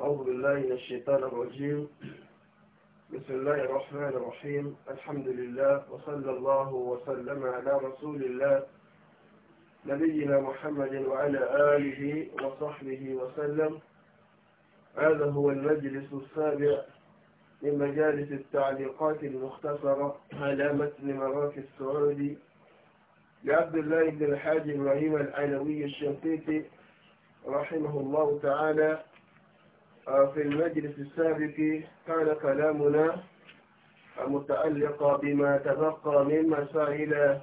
أعوذ بالله من الشيطان الرجيم بسم الله الرحمن الرحيم الحمد لله وصلى الله وسلم على رسول الله نبينا محمد وعلى آله وصحبه وسلم هذا هو المجلس السابع من مجالس التعليقات المختصرة على متن مراكز السعودي لعبد الله بن الحاج إبراهيم العلوي الشنقيطي رحمه الله تعالى في المجلس السابق كان كلامنا متعلقة بما تبقى من مسائل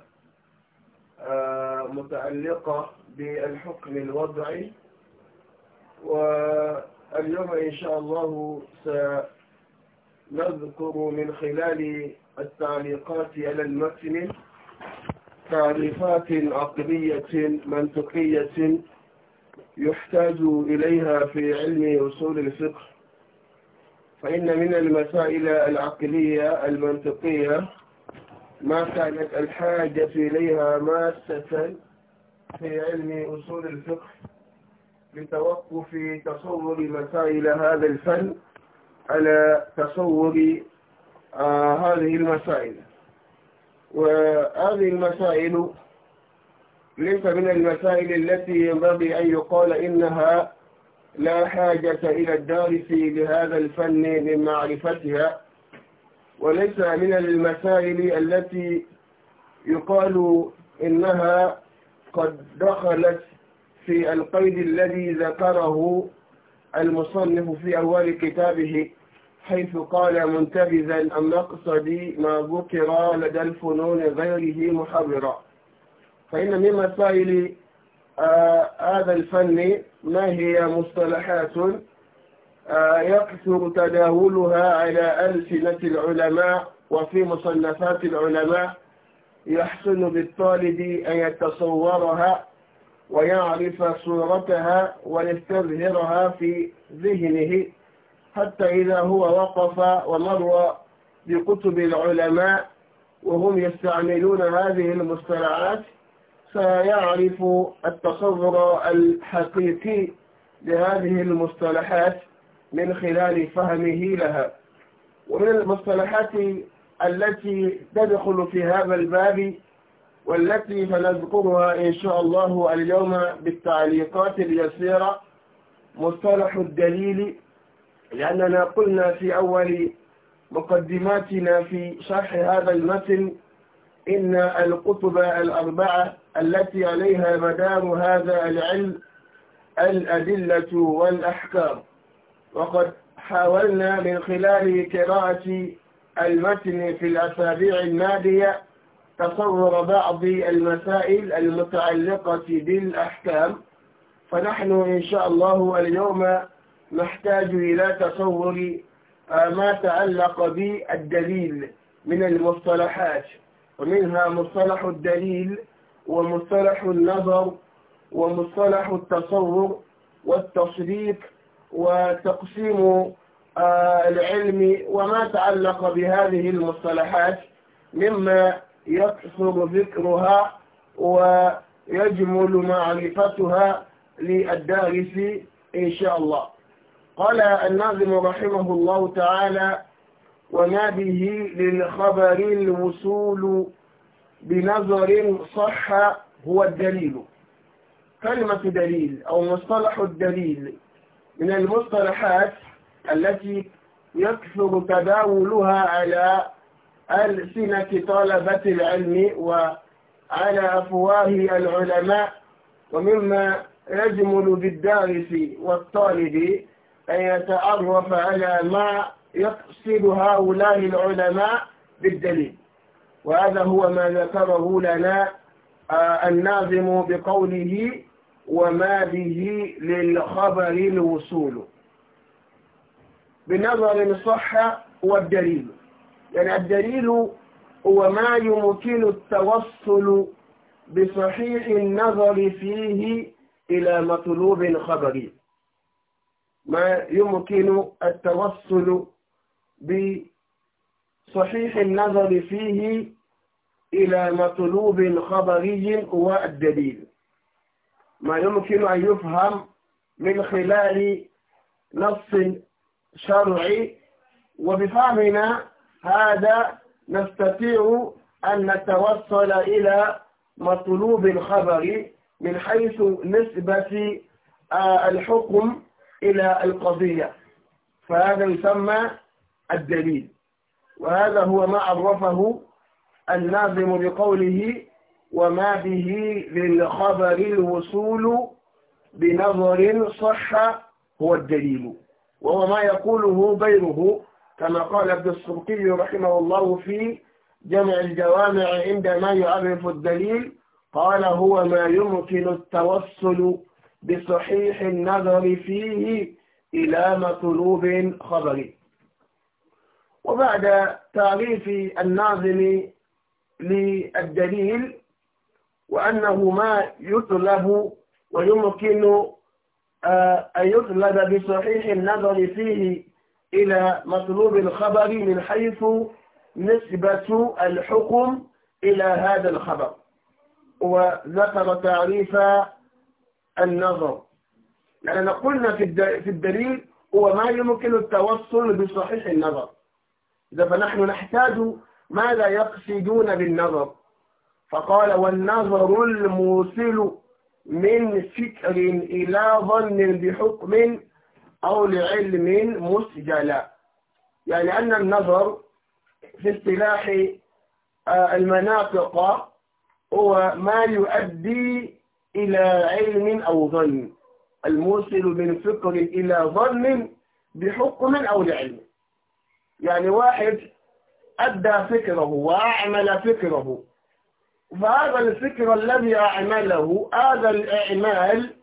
آه، متعلقة بالحكم الوضعي واليوم إن شاء الله سنذكر من خلال التعليقات على المتن تعريفات عقلية منطقية يحتاج إليها في علم أصول الفقه فإن من المسائل العقلية المنطقية ما كانت الحاجة إليها ماسة في علم أصول الفقه لتوقف تصور مسائل هذا الفن على تصور آه هذه المسائل وهذه المسائل ليس من المسائل التي ينبغي أن يقال إنها لا حاجة إلى الدارس بهذا الفن من معرفتها وليس من المسائل التي يقال إنها قد دخلت في القيد الذي ذكره المصنف في أول كتابه حيث قال منتبذا النقصد ما ذكر لدى الفنون غيره محررا فإن من مسائل آه، هذا الفن ما هي مصطلحات آه، يكثر تداولها على ألسنة العلماء وفي مصنفات العلماء يحسن بالطالب أن يتصورها ويعرف صورتها ويستظهرها في ذهنه حتى إذا هو وقف ومر بكتب العلماء وهم يستعملون هذه المصطلحات سيعرف التصور الحقيقي لهذه المصطلحات من خلال فهمه لها ومن المصطلحات التي تدخل في هذا الباب والتي سنذكرها إن شاء الله اليوم بالتعليقات اليسيرة مصطلح الدليل لأننا قلنا في أول مقدماتنا في شرح هذا المثل إن القطب الأربعة التي عليها مدار هذا العلم الأدلة والأحكام وقد حاولنا من خلال قراءة المتن في الأسابيع الماضية تصور بعض المسائل المتعلقة بالأحكام فنحن إن شاء الله اليوم نحتاج إلى تصور ما تعلق بالدليل من المصطلحات ومنها مصطلح الدليل ومصطلح النظر ومصطلح التصور والتصديق وتقسيم آه، العلم وما تعلق بهذه المصطلحات مما يكثر ذكرها ويجمل معرفتها للدارس إن شاء الله قال الناظم رحمه الله تعالى وما به للخبر الوصول بنظر صح هو الدليل كلمة دليل أو مصطلح الدليل من المصطلحات التي يكثر تداولها على ألسنة طلبة العلم وعلى أفواه العلماء ومما يجمل بالدارس والطالب أن يتعرف على ما يقصد هؤلاء العلماء بالدليل وهذا هو ما ذكره لنا آه، الناظم بقوله وما به للخبر الوصول بنظر الصحة والدليل يعني الدليل هو ما يمكن التوصل بصحيح النظر فيه إلى مطلوب خبري ما يمكن التوصل بصحيح صحيح النظر فيه إلى مطلوب خبري والدليل ما يمكن أن يفهم من خلال نص شرعي وبفهمنا هذا نستطيع أن نتوصل إلى مطلوب خبري من حيث نسبة آه، الحكم إلى القضية فهذا يسمى الدليل وهذا هو ما عرفه الناظم بقوله وما به للخبر الوصول بنظر صح هو الدليل وهو ما يقوله غيره كما قال ابن السبكي رحمه الله في جمع الجوامع عندما يعرف الدليل قال هو ما يمكن التوصل بصحيح النظر فيه إلى مطلوب خبري وبعد تعريف الناظم للدليل وأنه ما يطلب ويمكن آه، أن يطلب بصحيح النظر فيه إلى مطلوب الخبر من حيث نسبة الحكم إلى هذا الخبر وذكر تعريف النظر لأننا قلنا في الدليل هو ما يمكن التوصل بصحيح النظر إذا فنحن نحتاج ماذا يقصدون بالنظر فقال والنظر الموصل من فكر إلى ظن بحكم أو لعلم مسجل يعني أن النظر في اصطلاح آه، المناطق هو ما يؤدي إلى علم أو ظن الموصل من فكر إلى ظن بحكم أو لعلم يعني واحد أدى فكره وأعمل فكره فهذا الفكر الذي أعمله هذا الإعمال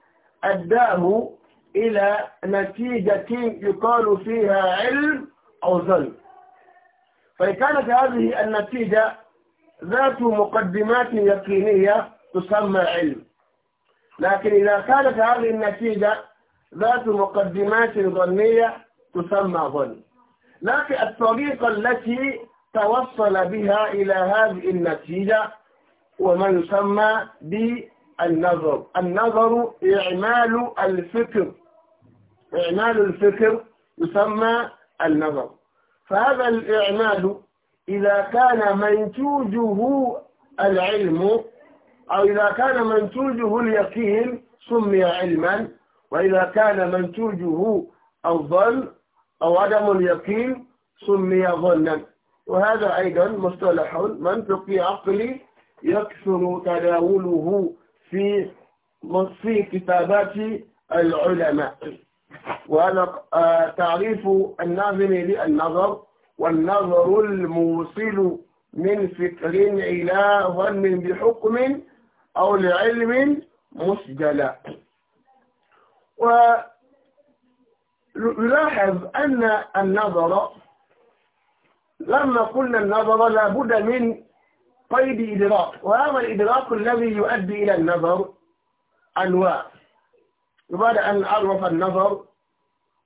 أداه إلى نتيجة يقال فيها علم أو ظلم فإن كانت هذه النتيجة ذات مقدمات يقينية تسمى علم لكن إذا كانت هذه النتيجة ذات مقدمات ظنية تسمى ظلم لكن الطريقة التي توصل بها إلى هذه النتيجة وما يسمى بالنظر النظر إعمال الفكر إعمال الفكر يسمى النظر فهذا الإعمال إذا كان منتوجه العلم أو إذا كان منتوجه اليقين سمي علما وإذا كان منتوجه الظن أو عدم اليقين سمي ظنا وهذا أيضا مصطلح منطقي عقلي يكثر تداوله في في كتابات العلماء وهذا تعريف الناظم للنظر والنظر الموصل من فكر إلى ظن بحكم أو لعلم مسجلا نلاحظ أن النظر لما قلنا النظر لابد من قيد إدراك وهذا الإدراك الذي يؤدي إلى النظر أنواع بعد أن عرف النظر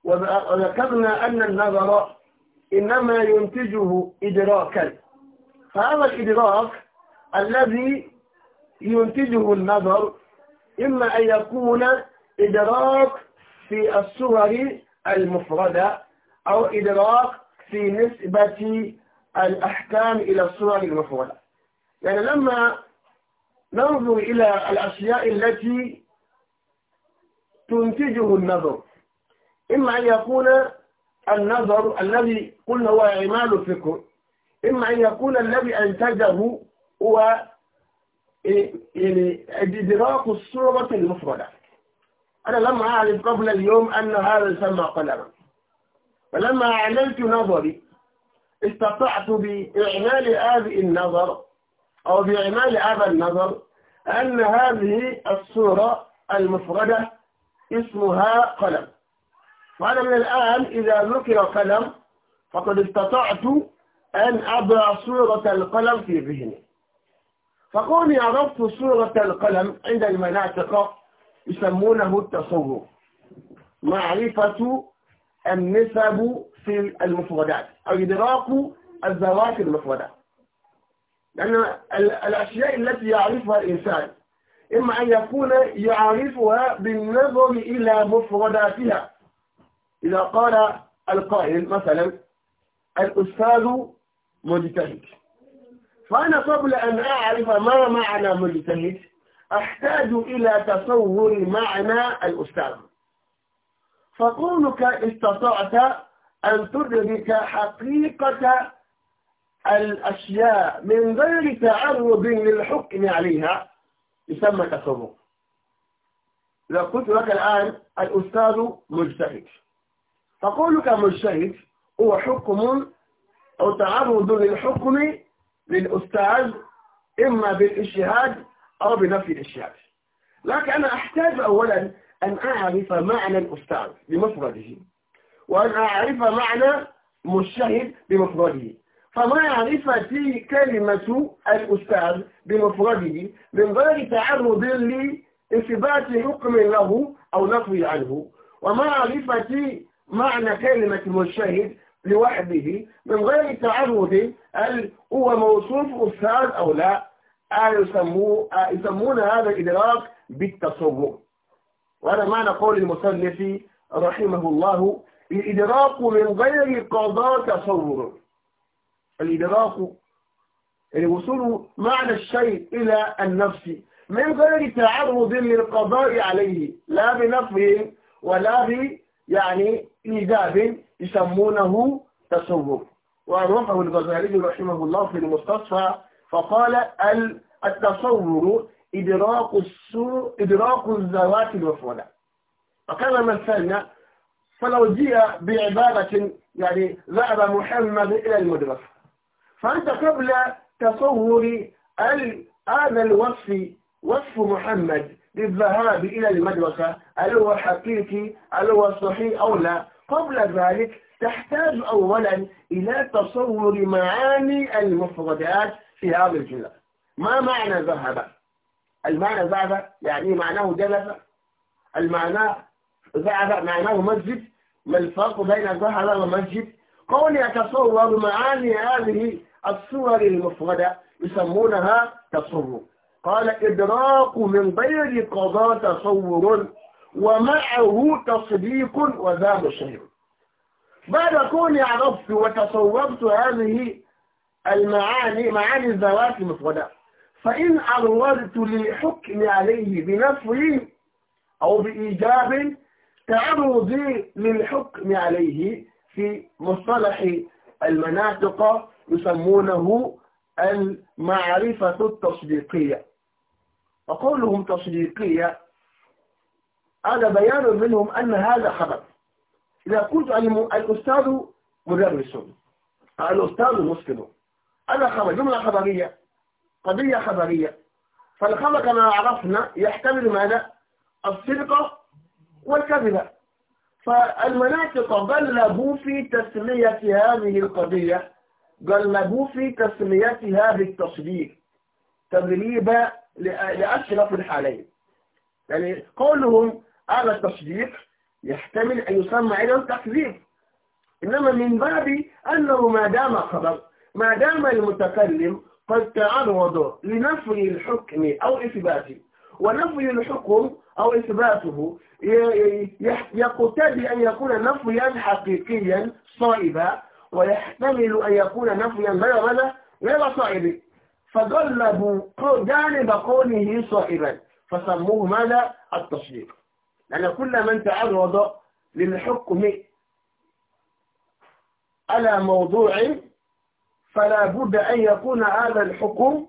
وذكرنا أن النظر إنما ينتجه إدراكا فهذا الإدراك الذي ينتجه النظر إما أن يكون إدراك في الصور المفردة أو إدراك في نسبة الأحكام إلى الصور المفردة يعني لما ننظر إلى الأشياء التي تنتجه النظر إما أن يكون النظر الذي قلنا هو عمال الفكر إما أن يكون الذي أنتجه هو يعني إدراك الصورة المفردة أنا لم أعرف قبل اليوم أن هذا يسمى قلما فلما أعلنت نظري استطعت بإعمال هذا النظر أو بإعمال هذا النظر أن هذه الصورة المفردة اسمها قلم وأنا من الآن إذا ذكر قلم فقد استطعت أن أضع صورة القلم في ذهني فكوني عرفت صورة القلم عند المناطق يسمونه التصوف معرفة النسب في المفردات أو إدراك الذوات المفردات لأن الأشياء التي يعرفها الإنسان إما أن يكون يعرفها بالنظر إلى مفرداتها إذا قال القائل مثلا الأستاذ مجتهد فأنا قبل أن أعرف ما معنى مجتهد أحتاج إلى تصور معنى الأستاذ فكونك استطعت أن تدرك حقيقة الأشياء من غير تعرض للحكم عليها يسمى تصور لو قلت لك الآن الأستاذ مجتهد فقولك مجتهد هو حكم أو تعرض للحكم للأستاذ إما بالإجتهاد أو بنفي إشياء لكن أنا أحتاج أولا أن أعرف معنى الأستاذ بمفرده وأن أعرف معنى مشاهد بمفرده فمعرفتي كلمة الأستاذ بمفرده من غير تعرض لإثبات حكم له أو نفي عنه ومعرفتي معنى كلمة مشاهد لوحده من غير تعرض هل هو موصوف أستاذ أو لا آه، آه، يسمون هذا الإدراك بالتصور وهذا معنى قول المصنف رحمه الله الإدراك من غير قضاء تصور الإدراك الوصول يعني معنى الشيء إلى النفس من غير تعرض للقضاء عليه لا بنفي ولا ب يعني إيجاب يسمونه تصور وأروحه الغزالي رحمه الله في المستصفى فقال التصور إدراك السوء إدراك الذوات المفعولة فكما مثلنا فلو جاء بعبارة يعني ذهب محمد إلى المدرسة فأنت قبل تصور هذا الوصف وصف محمد للذهاب إلى المدرسة هل هو حقيقي هل هو صحيح أو لا قبل ذلك تحتاج أولا إلى تصور معاني المفردات في هذا الجملة ما معنى ذهب المعنى ذهب يعني معناه جلس المعنى ذهب معناه مسجد ما الفرق بين ذهب ومسجد قول يتصور معاني هذه الصور المفردة يسمونها تصور قال إدراك من غير قضاء تصور ومعه تصديق وذاب شيء بعد كوني عرفت وتصورت هذه المعاني معاني الذوات المفردة فإن عرضت للحكم عليه بنفي أو بإيجاب تعرضي للحكم عليه في مصطلح المناطق يسمونه المعرفة التصديقية وقولهم تصديقية هذا بيان منهم أن هذا خبر إذا قلت الأستاذ مدرس الأستاذ مسلم هذا خبر جملة خبرية قضية خبرية فالخبر كما عرفنا يحتمل ماذا الصدق والكذبة فالمناطق غلبوا في تسمية هذه القضية غلبوا في تسميتها بالتصديق تغليبا لأشرف الحالين يعني قولهم هذا التصديق يحتمل أن يسمى أيضا تكذيب إنما من باب أنه ما دام خبر ما دام المتكلم قد تعرض لنفي الحكم أو إثباته ونفي الحكم أو إثباته يقتضي أن يكون نفيا حقيقيا صائبا ويحتمل أن يكون نفيا غير غير صائب فقلبوا جانب كونه صائبا فسموه ماذا؟ التصديق لأن كل من تعرض للحكم على موضوع فلا بد أن يكون هذا الحكم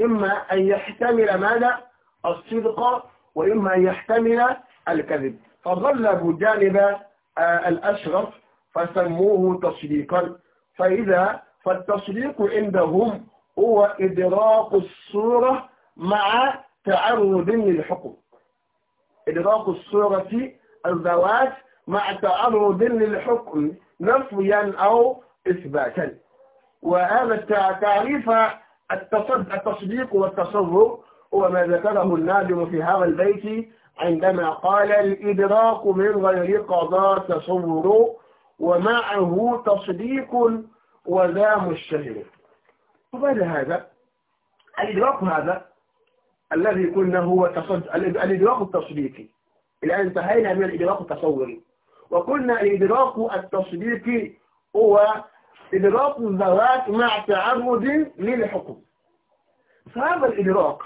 إما أن يحتمل ماذا الصدق وإما أن يحتمل الكذب فغلبوا جانب آه، الأشرف فسموه تصديقا فإذا فالتصديق عندهم هو إدراك الصورة مع تعرض للحكم إدراك الصورة الذوات مع تعرض للحكم نفيا أو إثباتا وهذا التعريف التصديق والتصور هو ما ذكره النادم في هذا البيت عندما قال الإدراك من غير قضاء تصور ومعه تصديق وذام الشهر وبعد هذا الإدراك هذا الذي قلنا هو الإدراك التصديقي الآن انتهينا من الإدراك التصوري وقلنا الإدراك التصديقي هو إدراك الذوات مع تعرض للحكم فهذا الإدراك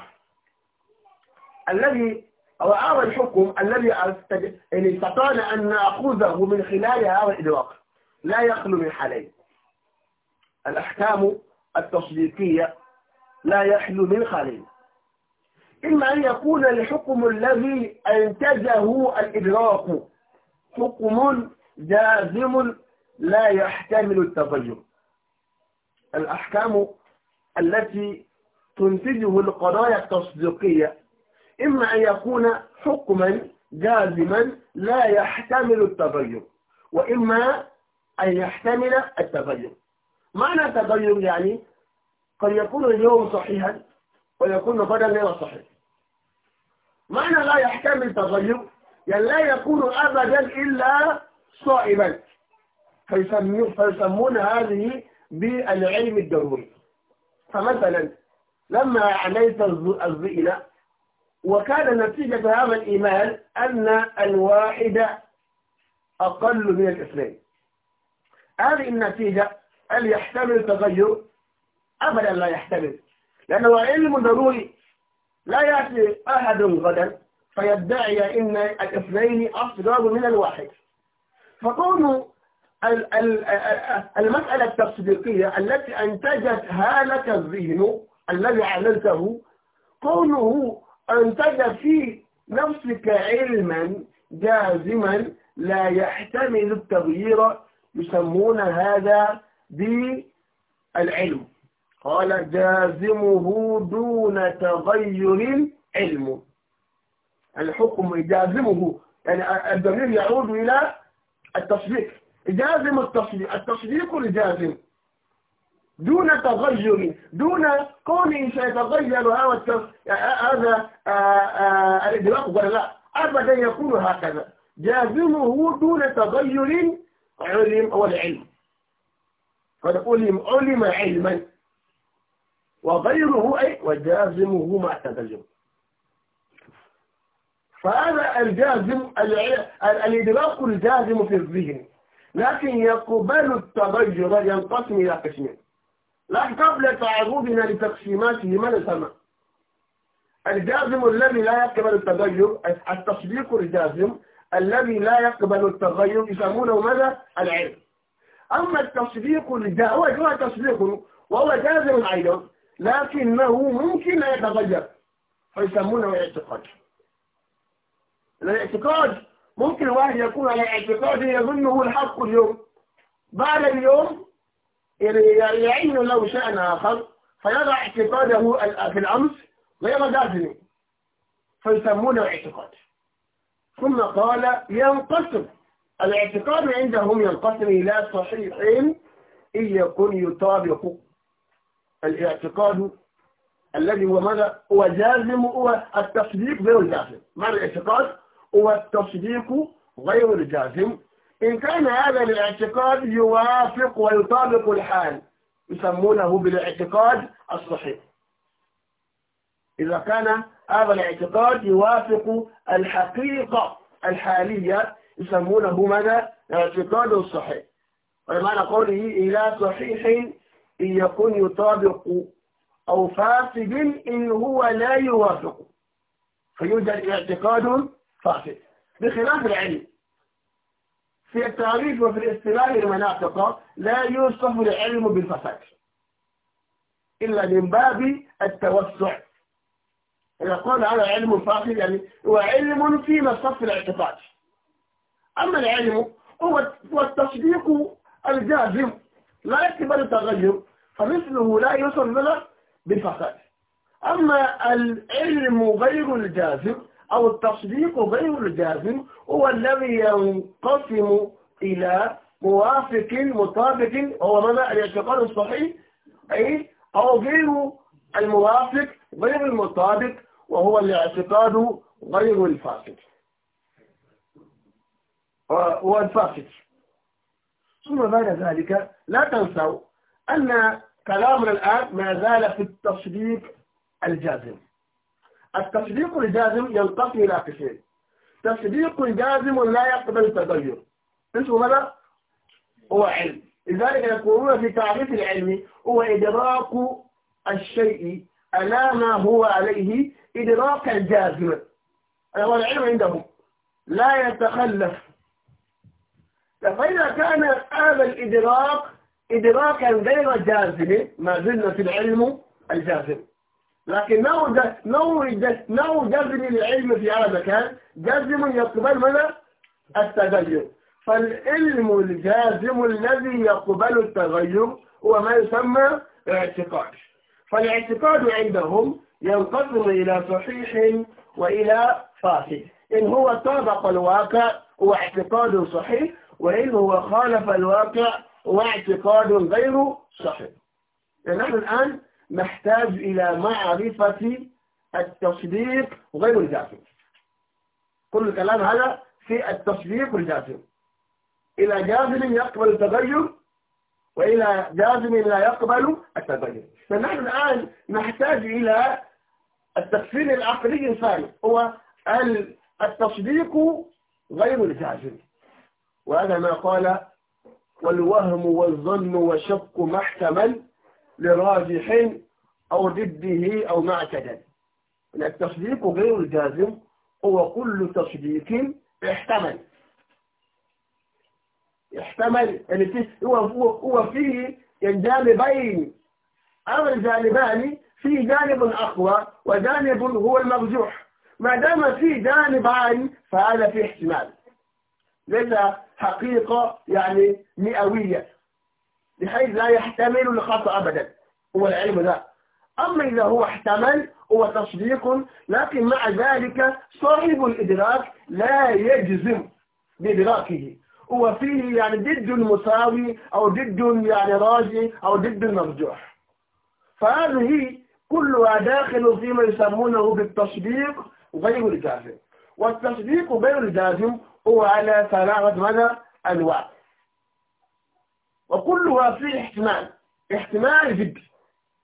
الذي أو هذا الحكم الذي يعني استطعنا أن نأخذه من خلال هذا الإدراك لا يخلو من حالين الأحكام التصديقية لا يخلو من حالين إما أن يكون الحكم الذي أنتجه الإدراك حكم جازم لا يحتمل التغير الأحكام التي تنتجه القضايا التصديقية إما أن يكون حكما جازما لا يحتمل التغير وإما أن يحتمل التغير معنى التغير يعني قد يكون اليوم صحيحا ويكون غدا غير صحيح معنى لا يحتمل التغير يعني لا يكون أبدا إلا صائبا فيسمون هذه بالعلم الضروري فمثلا لما عليت الزئلة وكان نتيجة هذا الإيمان أن الواحد أقل من الاثنين هذه النتيجة هل يحتمل تغير؟ أبدا لا يحتمل لأنه علم ضروري لا يأتي أحد غدا فيدعي أن الاثنين أفضل من الواحد فكونوا المسألة التصديقية التي أنتجتها لك الذهن الذي عملته كونه أنتج في نفسك علما جازما لا يحتمل التغيير يسمون هذا بالعلم قال جازمه دون تغير علم الحكم جازمه يعني الدليل يعود إلى التصديق جازم التصديق التصديق الجازم دون تغير دون كونه سيتغير هذا آه، آه، الإدراك ولا لا أبدا يكون هكذا جازمه دون تغير علم أو العلم قد علم علم علما وغيره أي وجازمه مع التجربة فهذا الجازم الإدراك الجازم في الذهن لكن يقبل التغير ينقسم إلى قسمين لكن قبل تعرضنا لتقسيماته من سمع الجازم الذي لا يقبل التغير التصديق الجازم الذي لا يقبل التغير يسمونه ماذا؟ العلم أما التصديق الجازم هو تصديق وهو جازم أيضا لكنه ممكن لا يتغير فيسمونه اعتقاد الاعتقاد ممكن واحد يكون على اعتقاد يظنه الحق اليوم بعد اليوم يعني يعين له شأن آخر فيضع اعتقاده في الأمس غير دافن فيسمونه اعتقاد ثم قال ينقسم الاعتقاد عندهم ينقسم إلى صحيحين إن يكون يطابق الاعتقاد الذي هو ماذا هو جازم هو التصديق غير الجازم ما الاعتقاد والتصديق غير الجازم إن كان هذا الاعتقاد يوافق ويطابق الحال يسمونه بالاعتقاد الصحيح إذا كان هذا الاعتقاد يوافق الحقيقة الحالية يسمونه ماذا؟ اعتقاد صحيح ومعنى قوله إلى صحيح إن يكون يطابق أو فاسد إن هو لا يوافق فيوجد اعتقاد صافي بخلاف العلم في التعريف وفي الاستلال المناطق لا يوصف العلم بالفساد إلا من باب التوسع إذا قال هذا علم فاسد يعني هو علم في مصف الاعتقاد أما العلم هو التصديق الجازم لا يقبل التغير فمثله لا يوصف بالفساد أما العلم غير الجازم أو التصديق غير الجازم هو الذي ينقسم إلى موافق مطابق هو ماذا الاعتقاد الصحيح أي أو غير الموافق غير المطابق وهو الاعتقاد غير الفاسد والفاسد ثم بعد ذلك لا تنسوا أن كلامنا الآن ما زال في التصديق الجازم التصديق الجازم ينقسم إلى قسمين تصديق جازم لا يقبل التغير اسمه ماذا؟ هو علم لذلك يقولون في تعريف العلم هو إدراك الشيء ألا ما هو عليه إدراك الجازم هو أيوة، العلم عندهم لا يتخلف فإذا كان هذا الإدراك إدراكا غير جازم ما زلنا في العلم الجازم لكن نوع نوع نوع جذب العلم في هذا المكان جذب يقبل من التغير فالعلم الجازم الذي يقبل التغير هو ما يسمى اعتقاد فالاعتقاد عندهم ينقسم إلى صحيح وإلى فاسد إن هو طابق الواقع هو اعتقاد صحيح وإن هو خالف الواقع هو اعتقاد غير صحيح نحن الآن نحتاج إلى معرفة التصديق غير الجاسم كل الكلام هذا في التصديق والجاسم إلى جازم يقبل التغير وإلى جازم لا يقبل التغير فنحن الآن نحتاج إلى التكفير العقلي الثاني هو التصديق غير الجازم وهذا ما قال والوهم والظن والشك محتمل لراجح أو ضده أو معتدل التصديق غير الجازم هو كل تصديق احتمل يحتمل يعني هو هو هو فيه الجانبين يعني أو الجانبان في جانب أقوى وجانب هو المرجوح ما دام في جانبان فهذا في احتمال ليس حقيقة يعني مئوية بحيث لا يحتمل الخطأ أبدا هو العلم ذا أما إذا هو احتمل هو تصديق لكن مع ذلك صاحب الإدراك لا يجزم بإدراكه هو فيه يعني ضد مساوي أو ضد يعني راجي أو ضد مرجوح فهذه كلها داخل فيما يسمونه بالتصديق غير الجازم والتصديق غير الجازم هو على ثلاثة ماذا؟ أنواع وكلها في احتمال احتمال جدا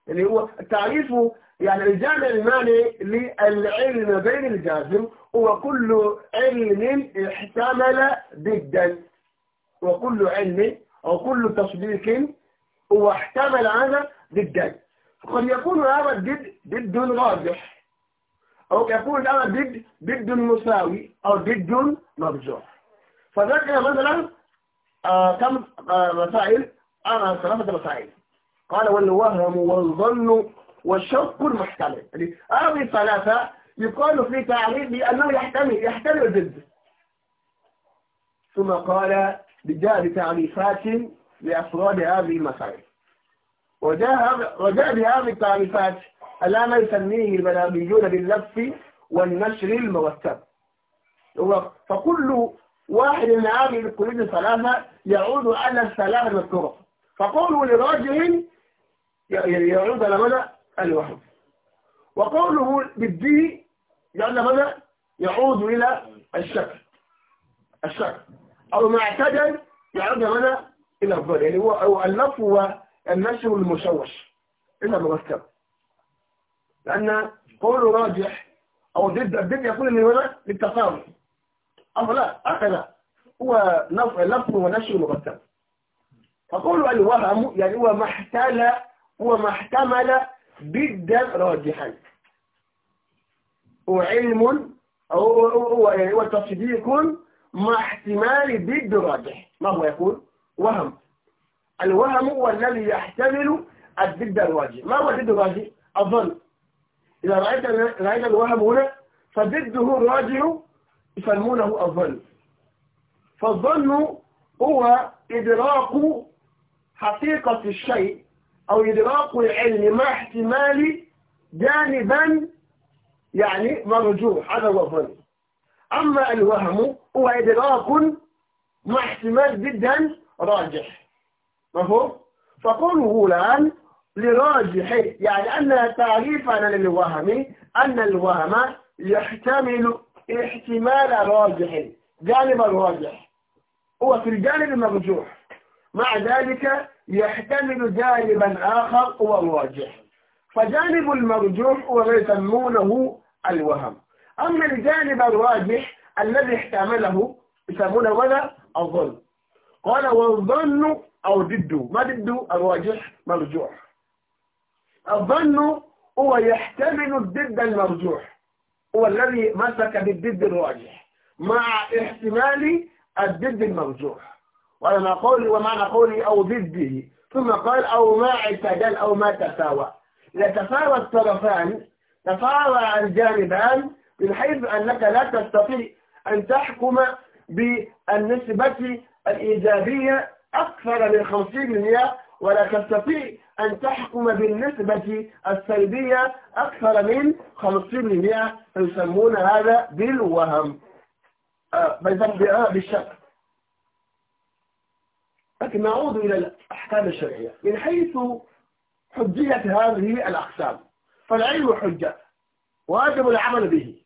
اللي يعني هو التعريف يعني الجامع المالي للعلم بين الجازم هو كل علم احتمل جدا وكل علم أو كل تصديق هو احتمل هذا جدا قد يكون هذا الجد جد راجح أو يكون هذا الجد جد مساوي أو جد مرجوح فذكر مثلا آه، كم آه، مسائل أنا آه، ثلاثة مسائل قال والوهم والظن والشك المحتمل يعني هذه الثلاثة يقال في تعريف بأنه يحتمل يحتمل الضد ثم قال بجاء بتعريفات لأفراد هذه المسائل وجاء وجاء بهذه التعريفات ألا ما يسميه البلاغيون باللف والنشر المرتب فكل واحد من عامل القيود الثلاثة يعود على الثلاثة من الطرق فقوله لراجل يعود على مدى الوحد وقوله بالدي يعود ماذا يعود إلى الشك الشك أو ما اعتدل يعود ماذا إلى الظل يعني هو اللف هو النشر المشوش إلى المغسل لأن قول راجح أو ضد الضد يكون لماذا للتفاهم أو لا هكذا هو لفظ ونشر مرتب فقولوا الوهم يعني هو ما احتمل يعني هو ما احتمل جدا راجحا هو علم هو يعني هو تصديق مع احتمال ضد راجح ما هو يقول وهم الوهم هو الذي يحتمل الضد الراجح ما هو الضد الراجح الظن إذا رأيت رأيت الوهم هنا فضده الراجح يسمونه الظن فالظن هو إدراك حقيقة الشيء أو إدراك العلم مع احتمال جانبا يعني مرجوح هذا هو الظن أما الوهم هو إدراك مع احتمال جدا راجح مفهوم؟ فقوله الآن لراجح يعني أن تعريفنا للوهم أن الوهم يحتمل احتمال راجح جانب الراجح هو في الجانب المرجوح مع ذلك يحتمل جانبا آخر هو الراجح فجانب المرجوح هو ما يسمونه الوهم أما الجانب الراجح الذي احتمله يسمونه ماذا؟ الظن قال والظن أو ضده ما ضده الراجح مرجوح الظن هو يحتمل الضد المرجوح هو الذي مسك بالضد الراجح مع احتمال الضد المرجوح وأنا قولي ومعنى قولي أو ضده ثم قال أو ما اعتدل أو ما تساوى لتساوى الطرفان تساوى الجانبان من حيث أنك لا تستطيع أن تحكم بالنسبة الإيجابية أكثر من 50% ولا تستطيع أن تحكم بالنسبة السلبية أكثر من 50% يسمون هذا بالوهم آه، بالشك لكن نعود إلى الأحكام الشرعية من حيث حجية هذه الأقسام فالعلم حجة واجب العمل به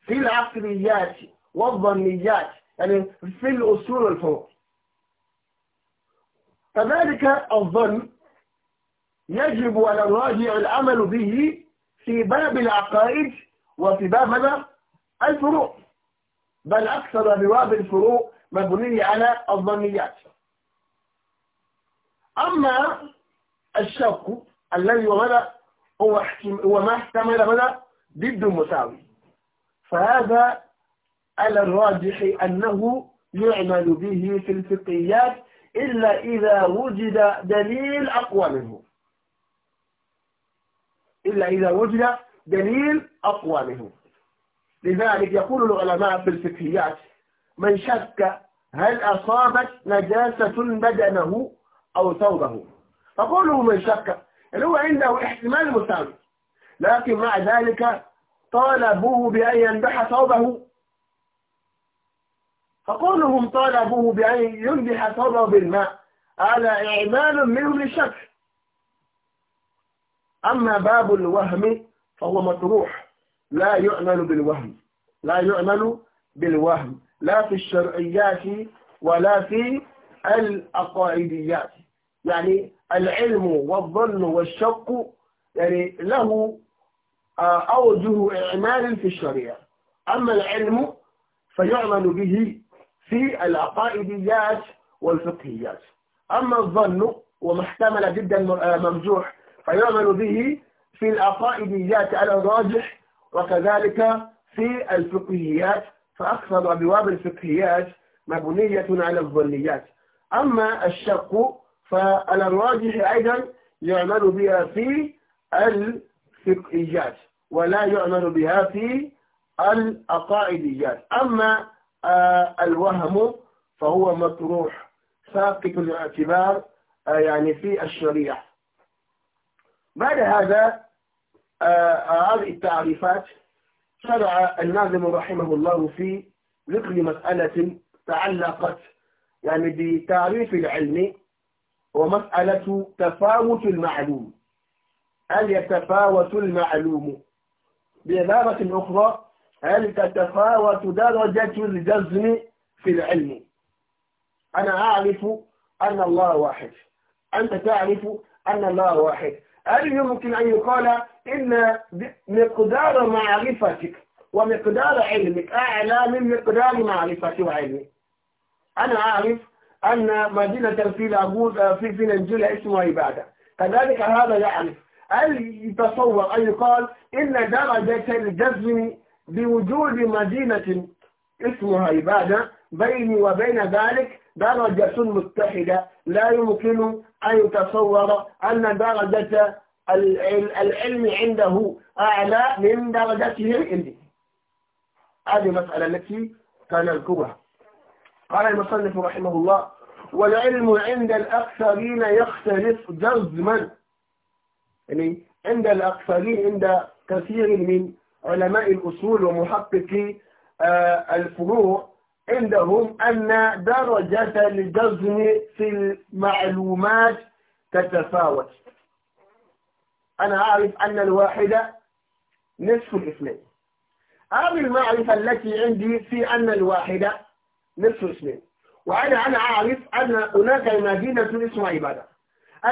في العقليات والظنيات يعني في الأصول والفروع كذلك الظن يجب على الراجع العمل به في باب العقائد وفي باب ماذا؟ الفروع بل أكثر بواب الفروع مبنية على الظنيات أما الشك الذي ومدى هو, هو ما احتمل مدى ضد المساوي فهذا على الراجح أنه يعمل به في الفقهيات إلا إذا وجد دليل أقوى منه إلا إذا وجد دليل أقوى منه لذلك يقول العلماء في الفكريات من شك هل أصابت نجاسة بدنه أو ثوبه فقوله من شك يعني هو عنده احتمال مثال لكن مع ذلك طالبوه بأن ينبح ثوبه فقولهم طالبوه بأن ينجح صبا بالماء هذا إعمال منهم للشك أما باب الوهم فهو مطروح لا يعمل بالوهم لا يعمل بالوهم لا في الشرعيات ولا في العقائديات يعني العلم والظن والشك يعني له آه، أوجه إعمال في الشريعة أما العلم فيعمل به في العقائديات والفقهيات أما الظن ومحتمل جدا ممزوح آه، فيعمل به في العقائديات على الراجح وكذلك في الفقهيات فأكثر أبواب الفقهيات مبنية على الظنيات أما الشق فعلى الراجح أيضا يعمل بها في الفقهيات ولا يعمل بها في العقائديات أما آه، الوهم فهو مطروح ساقط الاعتبار آه، يعني في الشريعة بعد هذا آه، هذه التعريفات شرع الناظم رحمه الله في ذكر مسألة تعلقت يعني بتعريف العلم ومسألة تفاوت المعلوم أن يتفاوت المعلوم بعبارة أخرى هل تتفاوت درجة الجزم في العلم أنا أعرف أن الله واحد أنت تعرف أن الله واحد هل يمكن أن يقال إن مقدار معرفتك ومقدار علمك أعلى من مقدار معرفتي وعلمي أنا أعرف أن مدينة في لاغوز في في اسمها عبادة كذلك هذا يعرف هل يتصور أن يقال إن درجة الجزم بوجود مدينة اسمها عبادة بيني وبين ذلك درجة متحدة لا يمكن أن يتصور أن درجة العلم عنده أعلى من درجته عندي هذه المسألة التي كان الكبرى قال المصنف رحمه الله والعلم عند الأكثرين يختلف جزما يعني عند الأكثرين عند كثير من علماء الأصول ومحققي آه، الفروع عندهم أن درجة الجزم في المعلومات تتفاوت أنا أعرف أن الواحدة نصف الاثنين هذه المعرفة التي عندي في أن الواحدة نصف الاثنين وأنا أنا أعرف أن هناك مدينة اسمها عبادة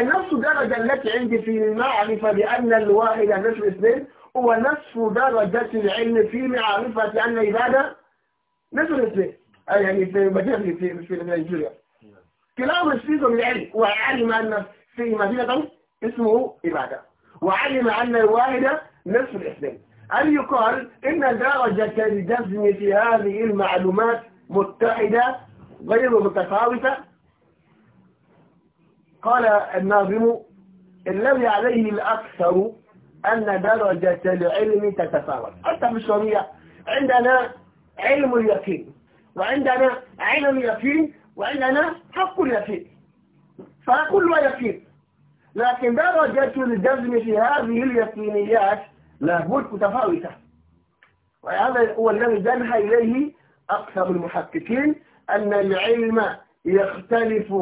النفس درجة التي عندي في المعرفة بأن الواحدة نصف الاثنين هو نصف درجة العلم في معرفة أن العبادة نفس أي آه، يعني في مدينة في في نيجيريا كلاهما يستفيد من العلم وعلم أن في مدينة اسمه عبادة وعلم أن الواحدة نصف الاثنين هل يقال إن درجة الجزم في هذه المعلومات متحدة غير متفاوتة قال الناظم الذي عليه الأكثر أن درجة العلم تتفاوت حتى في الشرعية عندنا علم اليقين وعندنا علم اليقين وعندنا حق اليقين فكل يقين لكن درجة الجزم في هذه اليقينيات لابد متفاوتة وهذا هو الذي جنح إليه أكثر المحققين أن العلم يختلف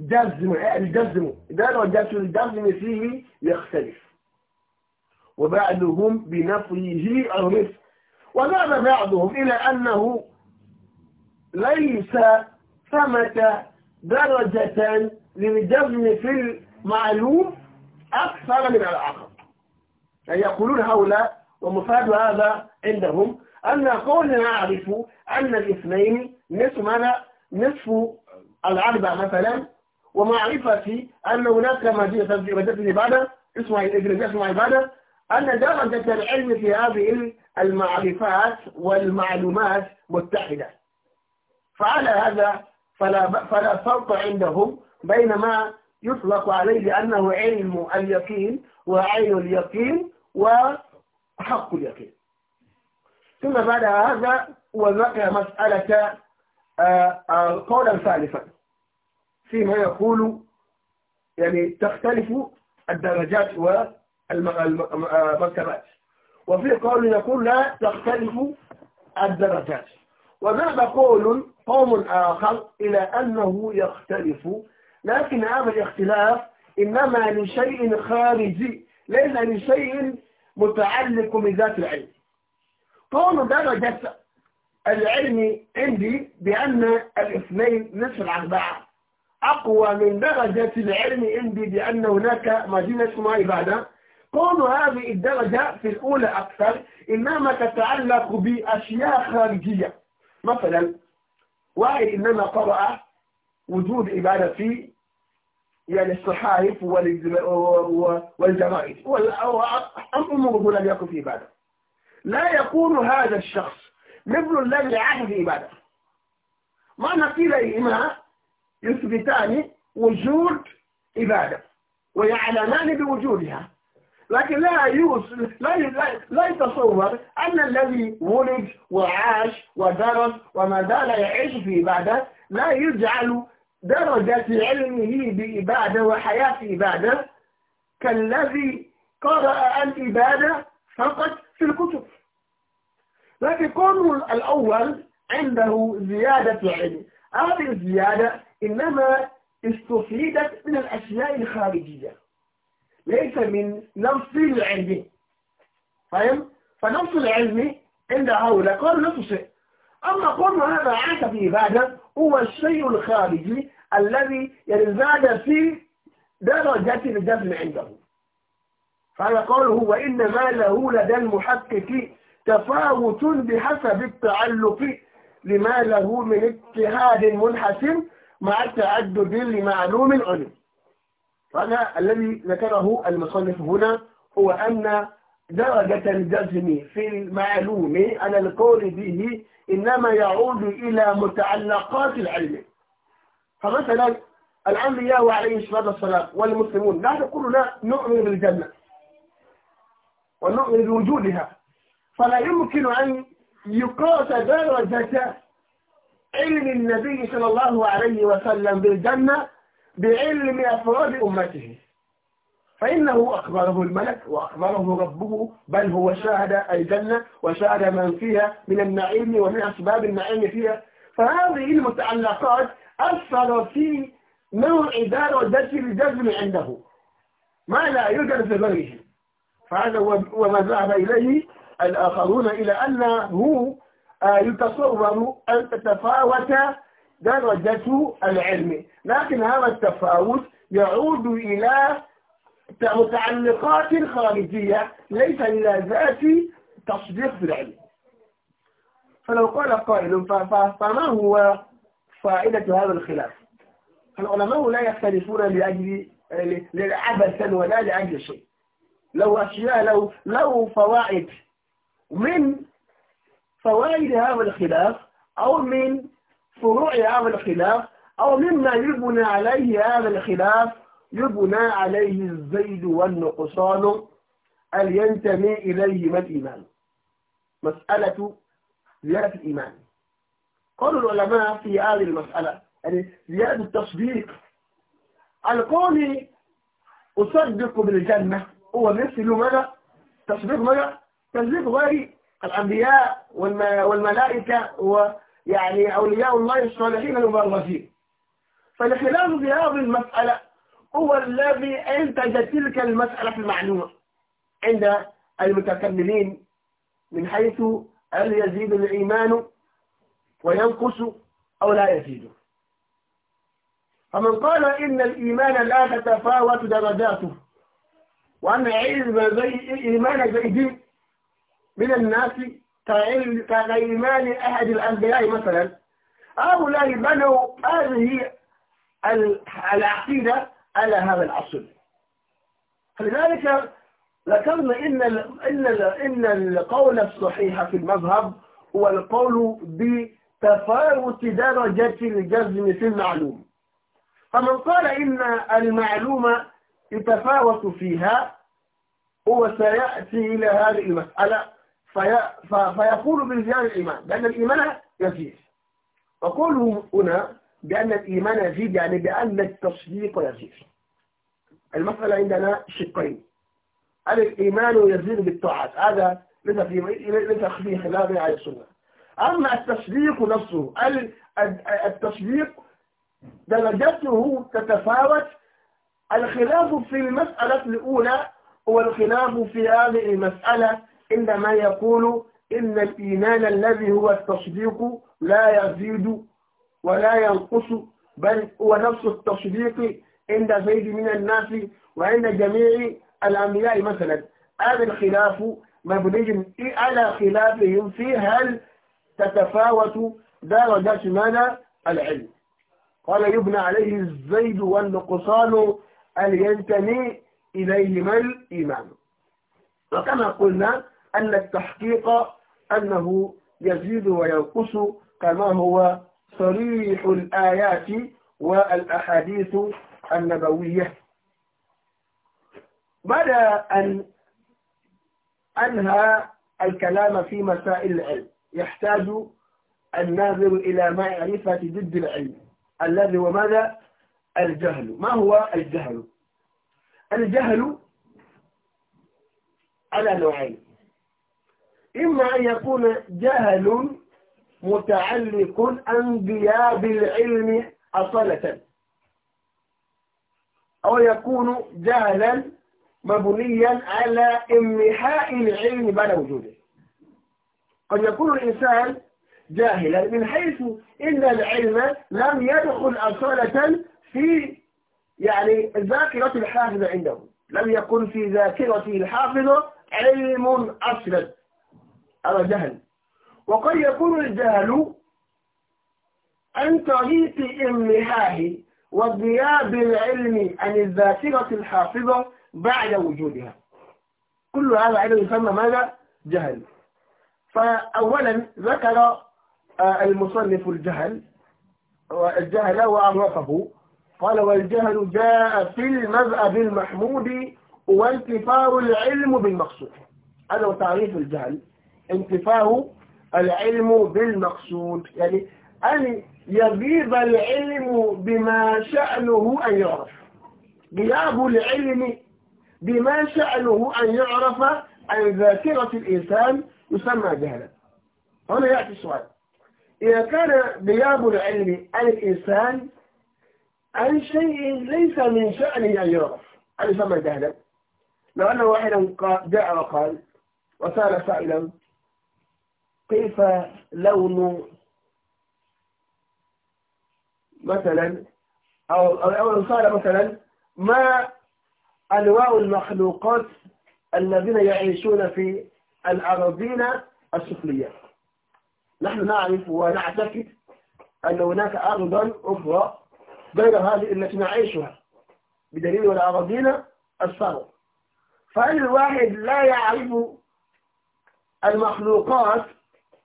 جزم الجزم درجة الجزم فيه يختلف وبعدهم بنفيه الرفق وذهب بعضهم إلى أنه ليس ثمة درجة للجزم في المعلوم أكثر من الآخر يعني يقولون هؤلاء ومفاد هذا عندهم أن قولنا نعرف أن الاثنين نصف ماذا نصف الأربع مثلا ومعرفة أن هناك مدينة مدينة عبادة اسمها اسمها عبادة أن درجة العلم في هذه المعرفات والمعلومات متحدة فعلى هذا فلا, فلا فرق عندهم بين ما يطلق عليه أنه علم اليقين وعين اليقين وحق اليقين ثم بعد هذا وذكى مسألة آه، آه، قولا ثالثا فيما يقول يعني تختلف الدرجات والدرجات المركبات وفي قول يقول لا تختلف الدرجات وذهب قول قوم آخر إلى أنه يختلف لكن هذا الاختلاف إنما لشيء خارجي ليس لشيء متعلق بذات العلم قول درجة العلم عندي بأن الاثنين نصف عن بعض أقوى من درجة العلم عندي بأن هناك مدينة اسمها إبادة كون هذه الدرجة في الأولى أكثر إنما تتعلق بأشياء خارجية مثلا واحد إنما قرأ وجود عبادة في يعني الصحائف والجرائد أمره لم يكن في عبادة لا يكون هذا الشخص مثل الذي عاش في عبادة معنى إما يثبتان وجود عبادة ويعلمان بوجودها لكن لا يوس لا يتصور أن الذي ولد وعاش ودرس وما زال يعيش في إبادة لا يجعل درجة علمه بإبادة وحياة إبادة كالذي قرأ الإبادة فقط في الكتب لكن كون الأول عنده زيادة علم هذه الزيادة إنما استفيدت من الأشياء الخارجية ليس من نفس العلم فاهم فنفس العلم عند هؤلاء قالوا نفس الشيء أما قلنا هذا عاد في عبادة هو الشيء الخارجي الذي يعني زاد في درجة الجزم عنده فهذا قوله هو إنما له لدى المحقق تفاوت بحسب التعلق لما له من اجتهاد منحسم مع التعدد لمعلوم علم فأنا الذي ذكره المصنف هنا هو أن درجة الجزم في المعلوم على القول به إنما يعود إلى متعلقات العلم فمثلا الأنبياء عليه الصلاة والسلام والمسلمون نحن كلنا نؤمن بالجنة ونؤمن بوجودها فلا يمكن أن يقاس درجة علم النبي صلى الله عليه وسلم بالجنة بعلم أفراد أمته فإنه أخبره الملك وأخبره ربه بل هو شاهد الجنة وشاهد من فيها من النعيم ومن أسباب النعيم فيها فهذه المتعلقات أثر في نوع درجة الجزم عنده ما لا يوجد في غيره فهذا وما ذهب إليه الآخرون إلى أنه آه، يتصور أن تتفاوت درجة العلم لكن هذا التفاوت يعود إلى متعلقات خارجية ليس إلى ذات تصديق في العلم فلو قال قائل فما هو فائدة هذا الخلاف العلماء لا يختلفون لأجل لعبثا ولا لأجل شيء لو أشياء لو لو فوائد من فوائد هذا الخلاف أو من فروع هذا الخلاف أو مما يبنى عليه هذا الخلاف يبنى عليه الزيد والنقصان أن ينتمي إليهما الإيمان مسألة زيادة الإيمان قال العلماء في هذه المسألة يعني زيادة التصديق القول أصدق بالجنة هو مثل ماذا؟ تصديق ماذا؟ تصديق غير الأنبياء والملائكة يعني أولياء الله الصالحين المبرزين فالخلاف في هذه المسألة هو الذي أنتج تلك المسألة المعلومة عند المتكلمين من حيث هل يزيد الإيمان وينقص أو لا يزيد فمن قال إن الإيمان لا تتفاوت درجاته وأن علم زي إيمان زيد من الناس كغيمان أحد الأنبياء مثلا هؤلاء بنوا هذه العقيدة على هذا الأصل فلذلك ذكرنا إن الـ إن الـ إن القول الصحيح في المذهب هو القول بتفاوت درجة الجزم في المعلوم فمن قال إن المعلومة يتفاوت فيها هو سيأتي إلى هذه المسألة فيقول بانزياد الإيمان بأن الإيمان يزيد وقوله هنا بأن الإيمان يزيد يعني بأن التصديق يزيد المسألة عندنا شقين هل الإيمان يزيد بالطاعات هذا ليس في ليس في خلاف على السنة أما التصديق نفسه هل التصديق درجته تتفاوت الخلاف في المسألة الأولى هو الخلاف في هذه المسألة عندما يقول إن الإيمان الذي هو التصديق لا يزيد ولا ينقص بل هو نفس التصديق عند زيد من الناس وعند جميع الأنبياء مثلا هذا الخلاف مبني على خلافهم في هل تتفاوت درجات مدى العلم قال يبنى عليه الزيد والنقصان أن ينتمي إليهما الإيمان وكما قلنا أن التحقيق أنه يزيد وينقص كما هو صريح الآيات والأحاديث النبوية بعد أن أنهى الكلام في مسائل العلم يحتاج الناظر إلى معرفة ضد العلم الذي وماذا الجهل ما هو الجهل الجهل على نوعين إما أن يكون جهل متعلق أن غياب العلم أصلة أو يكون جهلا مبنيا على امحاء العلم بعد وجوده قد يكون الإنسان جاهلا من حيث إن العلم لم يدخل أصالة في يعني ذاكرة الحافظ عنده لم يكن في ذاكرته الحافظة علم أصلا على جهل وقد يكون الجهل عن طريق المهاه وغياب العلم عن الذاكرة الحافظة بعد وجودها كل هذا علم يسمى ماذا؟ جهل فأولا ذكر آه، المصنف الجهل والجهل وعرفه قال والجهل جاء في المذأب المحمود وانتفار العلم بالمقصود هذا هو تعريف الجهل انتفاء العلم بالمقصود يعني أن يغيب العلم بما شأنه أن يعرف غياب العلم بما شأنه أن يعرف عن ذاكرة الإنسان يسمى جهلا هنا يأتي السؤال إذا كان غياب العلم عن الإنسان عن شيء ليس من شأنه أن يعرف أن يسمى جهلا لو أن واحدا جاء وقال وسأل سائلا كيف لون مثلا أو أو قال مثلا ما أنواع المخلوقات الذين يعيشون في الأراضين السفلية نحن نعرف ونعتقد أن هناك أرضا أخرى غير هذه التي نعيشها بدليل الأراضين الثرى فهل الواحد لا يعرف المخلوقات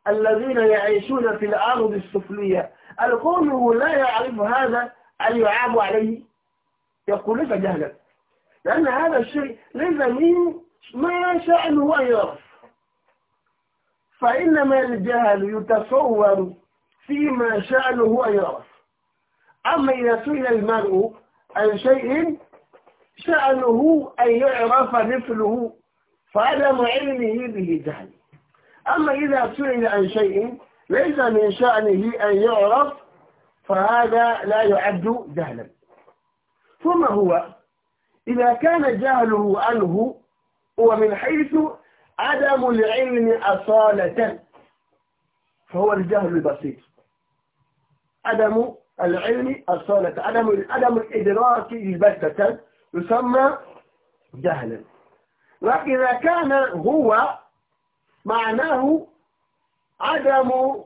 الذين يعيشون في الأرض السفلية القوم لا يعرف هذا أن يعاب عليه يقول لك جهلا لأن هذا الشيء ليس من ما شأنه أن يعرف فإنما الجهل يتصور فيما شأنه أن يعرف أما إذا سئل المرء عن شيء شأنه أن يعرف مثله فعدم علمه به جهل أما إذا سئل عن شيء ليس من شأنه أن يعرف فهذا لا يعد جهلا ثم هو إذا كان جهله عنه هو من حيث عدم العلم أصالة فهو الجهل البسيط عدم العلم أصالة عدم عدم الإدراك البتة يسمى جهلا وإذا كان هو معناه عدم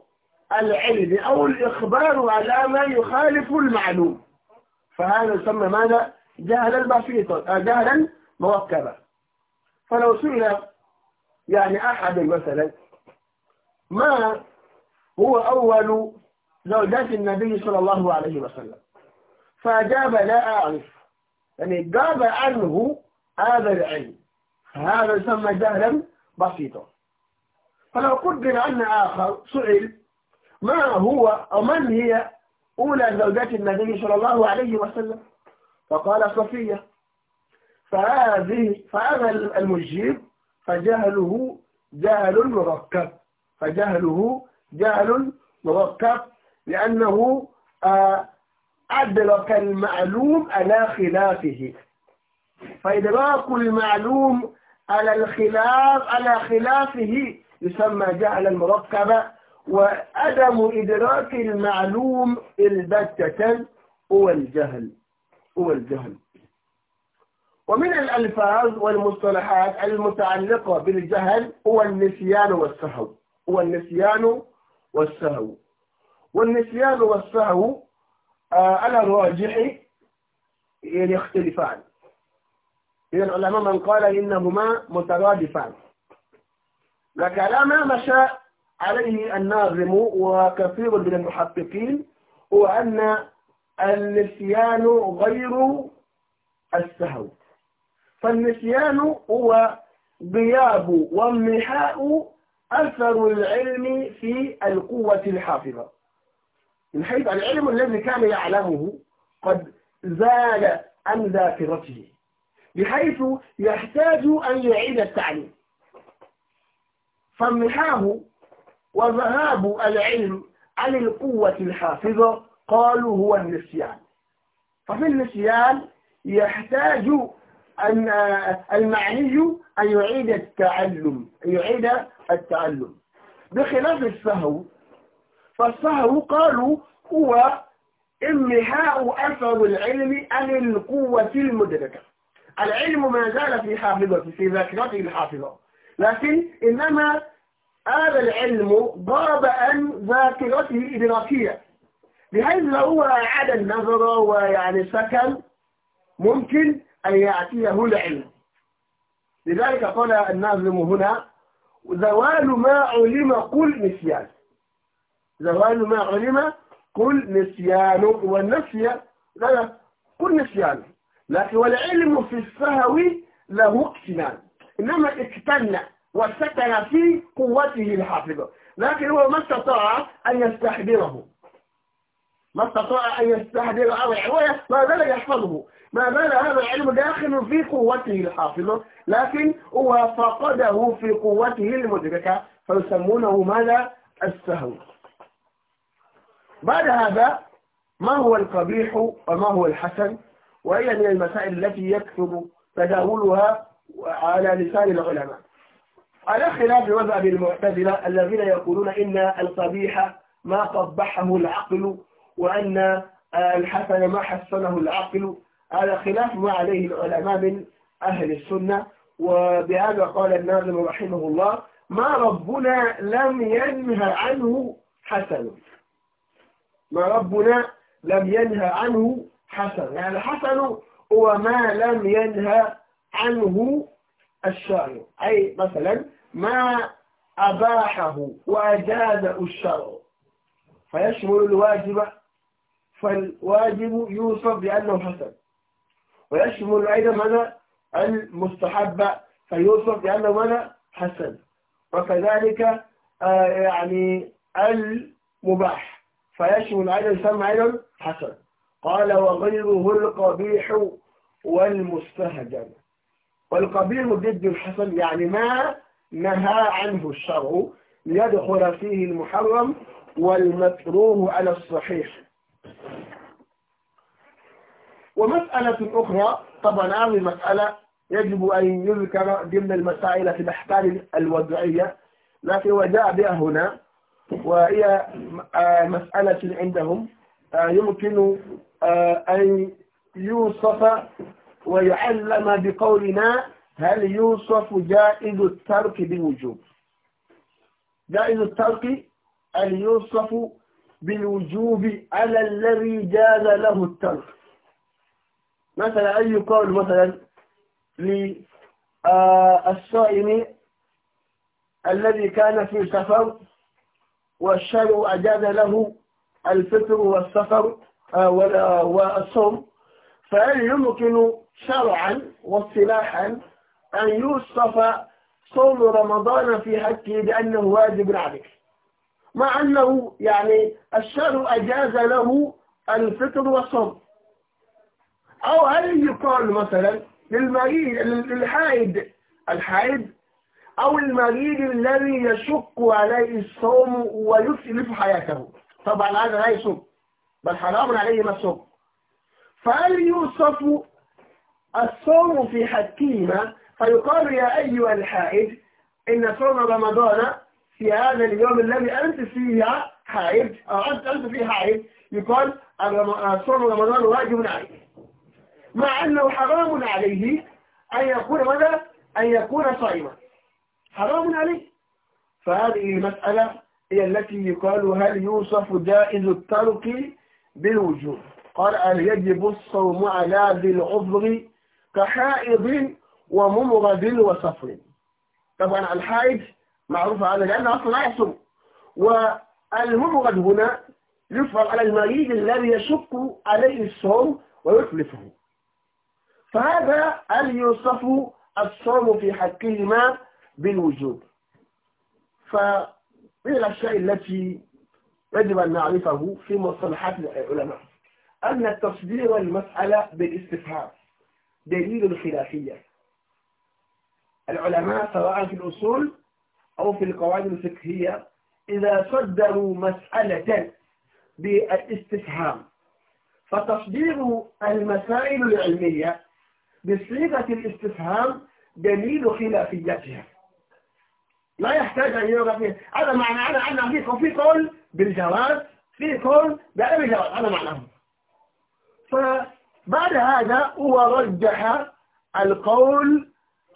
العلم أو الإخبار على ما يخالف المعلوم فهذا يسمى ماذا؟ جهلا بسيطا آه، جهلا مركبا فلو سئل يعني أحد مثلا ما هو أول زوجات النبي صلى الله عليه وسلم فأجاب لا أعرف يعني جاب عنه هذا العلم فهذا يسمى جهلا بسيطا فلو قدر أن آخر سئل ما هو أو من هي أولى زوجات النبي صلى الله عليه وسلم فقال صفية فهذه فهذا المجيب فجهله جهل مركب فجهله جهل مركب لأنه آه، أدرك المعلوم على خلافه فإدراك المعلوم على الخلاف على خلافه يسمى جعل مركبا وعدم إدراك المعلوم البتة هو الجهل هو الجهل ومن الألفاظ والمصطلحات المتعلقة بالجهل هو النسيان والسهو هو النسيان والسهو والنسيان والسهو آه، على الراجح يعني يختلفان إذا العلماء من قال إنهما مترادفان لكن ما مشى عليه الناظم وكثير من المحققين هو أن النسيان غير السهو فالنسيان هو غياب وامحاء أثر العلم في القوة الحافظة من حيث العلم الذي كان يعلمه قد زال عن ذاكرته بحيث يحتاج أن يعيد التعليم فامحاه وذهاب العلم عن القوة الحافظة قالوا هو النسيان ففي النسيان يحتاج أن المعني أن يعيد التعلم يعيد التعلم بخلاف السهو فالسهو قالوا هو امحاء أثر العلم عن القوة المدركة العلم ما زال في حافظة في ذاكرته الحافظة لكن إنما هذا العلم ضرب عن ذاكرته الإدراكية بحيث لو هو أعاد النظر ويعني سكن ممكن أن يأتيه العلم لذلك قال الناظم هنا زوال ما علم قل نسيان زوال ما علم قل نسيان والنسي لا لا قل نسيان لكن والعلم في السهو له اكتنان إنما اكتنى وسكن في قوته الحافظة لكن هو ما استطاع أن يستحضره ما استطاع أن يستحضر أو ما زال يحفظه ما زال هذا العلم داخل في قوته الحافظة لكن هو فقده في قوته المدركة فيسمونه ماذا السهو بعد هذا ما هو القبيح وما هو الحسن وهي من المسائل التي يكتب تداولها على لسان العلماء على خلاف مذهب المعتزلة الذين يقولون إن القبيح ما قبحه العقل وأن آه، الحسن ما حسنه العقل على خلاف ما عليه العلماء من أهل السنة وبهذا قال الناظم رحمه الله ما ربنا لم ينهى عنه حسن ما ربنا لم ينهى عنه حسن يعني الحسن هو ما لم ينهى عنه الشارع أي مثلا ما أباحه وأجازه الشرع فيشمل الواجب فالواجب يوصف بأنه حسن ويشمل أيضا ماذا المستحب فيوصف بأنه ماذا حسن وكذلك آه، يعني المباح فيشمل أيضا يسمى أيضا حسن قال وغيره القبيح والمستهجن والقبيح ضد الحسن يعني ما نهى عنه الشرع ليدخل فيه المحرم والمكروه على الصحيح ومسألة أخرى طبعا هذه مسألة يجب أن يذكر ضمن المسائل في الأحكام الوضعية لكن وجاء بها هنا وهي مسألة عندهم آه، يمكن آه، أن يوصف ويعلم بقولنا هل يوصف جائز الترك بالوجوب جائز الترك أن يوصف بالوجوب على الذي جاز له الترك مثلا أن يقال مثلا للصائم الذي كان في سفر والشرع أجاز له الفطر والسفر آه، والصوم فهل يمكن شرعا واصطلاحا أن يوصف صوم رمضان في حقه بأنه واجب عليك مع أنه يعني الشهر أجاز له الفطر والصوم أو هل يقال مثلا للمريض للحائد الحائد أو المريض الذي يشق عليه الصوم ويسلف حياته طبعا هذا لا يصوم بل حرام عليه ما الصوم فهل يوصف الصوم في حكيمة فيقال يا أيها الحائج إن صوم رمضان في هذا اليوم الذي أنت فيه حائج أو أنت أنت فيه حائج يقال صوم رمضان واجب عليه مع أنه حرام عليه أن يكون ماذا؟ أن يكون صائما حرام عليه فهذه المسألة هي التي يقال هل يوصف جائز الترك بالوجوب قال هل يجب الصوم على ذي العذر كحائض وممرض وصفر طبعا الحائض معروف هذا لأنه أصلا لا يصوم والممرض هنا يفعل على المريض الذي يشك عليه الصوم ويتلفه فهذا أن يوصف الصوم في حقهما بالوجوب فمن الأشياء التي يجب أن نعرفه في مصطلحات العلماء أن تصدير المسألة بالاستفهام دليل الخلافية العلماء سواء في الأصول أو في القواعد الفقهية إذا صدروا مسألة بالاستفهام فتصدير المسائل العلمية بصيغة الاستفهام دليل خلافيتها لا يحتاج أن يرى فيه هذا معنى أنا أنا في في قول بالجواز في قول بأي جواز هذا معناه فبعد هذا هو رجح القول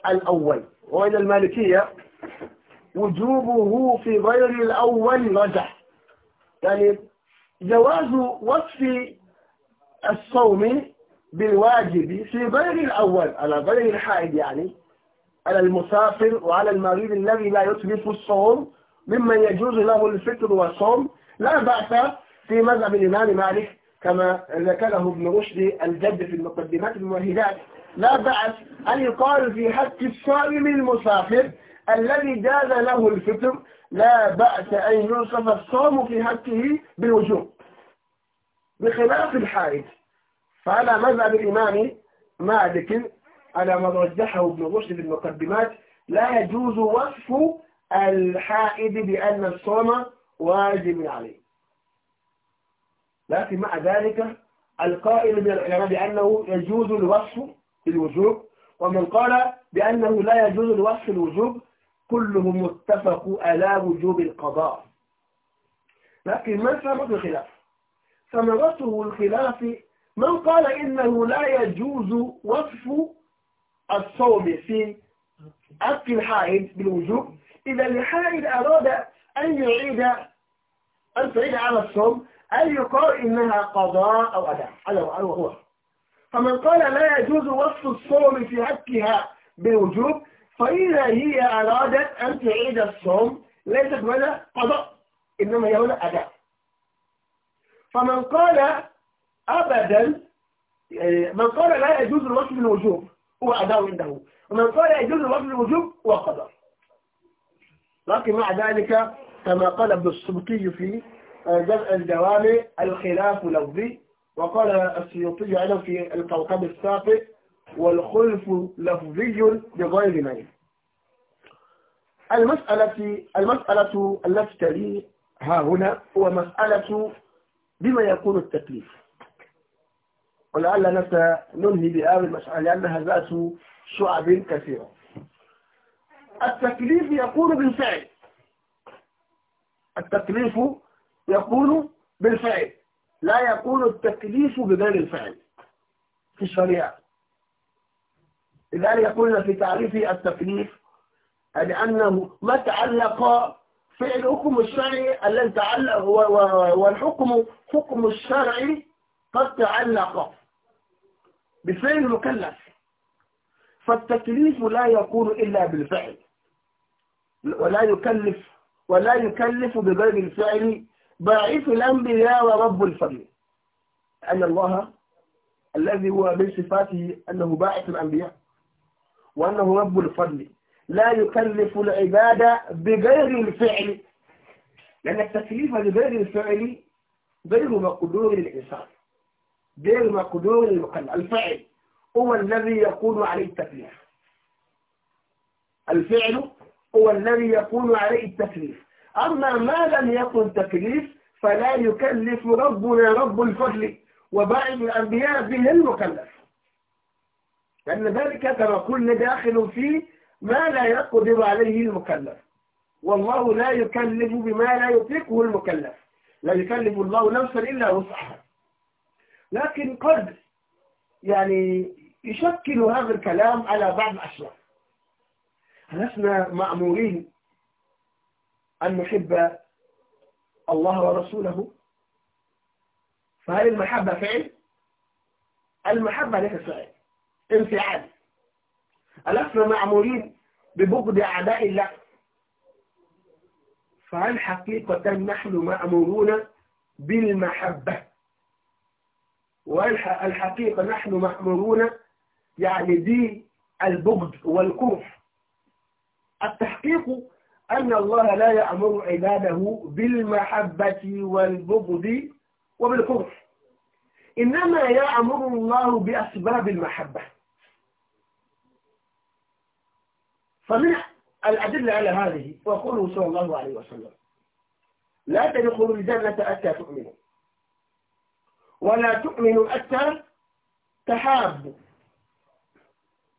الأول وإلى المالكية وجوبه في غير الأول رجح يعني جواز وصف الصوم بالواجب في غير الأول على غير الحائد يعني على المسافر وعلى المريض الذي لا يتلف الصوم ممن يجوز له الفطر والصوم لا بأس في مذهب الإمام مالك كما ذكره ابن رشد الجد في المقدمات الموهدات لا بأس أن يقال في حق الصائم المسافر الذي جاز له الفطر لا بأس أن يوصف الصوم في حقه بالوجوب بخلاف الحائط فعلى مذهب الإمام مالك على ما رجحه ابن رشد في المقدمات لا يجوز وصف الحائض بأن الصوم واجب عليه لكن مع ذلك القائل من العلماء بأنه يجوز الوصف بالوجوب ومن قال بأنه لا يجوز الوصف الوجوب كلهم اتفقوا على وجوب القضاء لكن من سبق الخلاف ثمرته الخلاف من قال إنه لا يجوز وصف الصوم في حق الحائد بالوجوب إذا الحائد أراد أن يعيد أن تعيد على الصوم أن يقال إنها قضاء أو أداء هذا هو فمن قال لا يجوز وصف الصوم في حقها بوجوب فإذا هي أرادت أن تعيد الصوم ليست هنا قضاء إنما هي هنا أداء فمن قال أبدا آه، من قال لا يجوز الوصف الوجوب هو أداء عنده ومن قال يجوز الوصف الوجوب هو قضاء لكن مع ذلك كما قال ابن السبكي في آه، جزء الجوامع الخلاف لفظي وقال السيوطي أيضا في الكوكب السابق والخلف لفظي بغير معنى المسألة المسألة التي تلي ها هنا هو مسألة بما يكون التكليف ولعلنا سننهي بهذه المسألة لأنها ذات شعب كثيرة التكليف يكون بالفعل التكليف يكون بالفعل لا يكون التكليف بغير الفعل في الشريعة لذلك قلنا في تعريف التكليف لأنه ما تعلق فعل حكم الشرعي الذي تعلق والحكم حكم الشرعي قد تعلق بفعل المكلف فالتكليف لا يكون إلا بالفعل ولا يكلف ولا يكلف بغير الفعل باعث الأنبياء ورب الفضل أن الله الذي هو من صفاته أنه باعث الأنبياء وأنه رب الفضل لا يكلف العبادة بغير الفعل لأن التكليف بغير الفعل غير مقدور الإنسان غير مقدور المكلف الفعل هو الذي يكون عليه التكليف الفعل هو الذي يكون عليه التكليف أما ما لم يكن تكليف فلا يكلف ربنا رب الفضل وباقي الأنبياء به المكلف لأن ذلك كما قلنا داخل في ما لا يقدر عليه المكلف والله لا يكلف بما لا يطيقه المكلف لا يكلف الله نفسا إلا وسعها لكن قد يعني يشكل هذا الكلام على بعض الأشياء لسنا مأمورين أن نحب الله ورسوله فهل المحبة فعل؟ المحبة ليس فعل انفعال ألسنا معمولين ببغض أعداء الله فهل حقيقة نحن مأمورون بالمحبة والحقيقة نحن مأمورون يعني بالبغض والكرف التحقيق أن الله لا يأمر عباده بالمحبة والبغض وبالكفر إنما يأمر الله بأسباب المحبة فمن الأدلة على هذه وقوله صلى الله عليه وسلم لا تدخلوا الجنة حتى تؤمنوا ولا تؤمنوا حتى تحابوا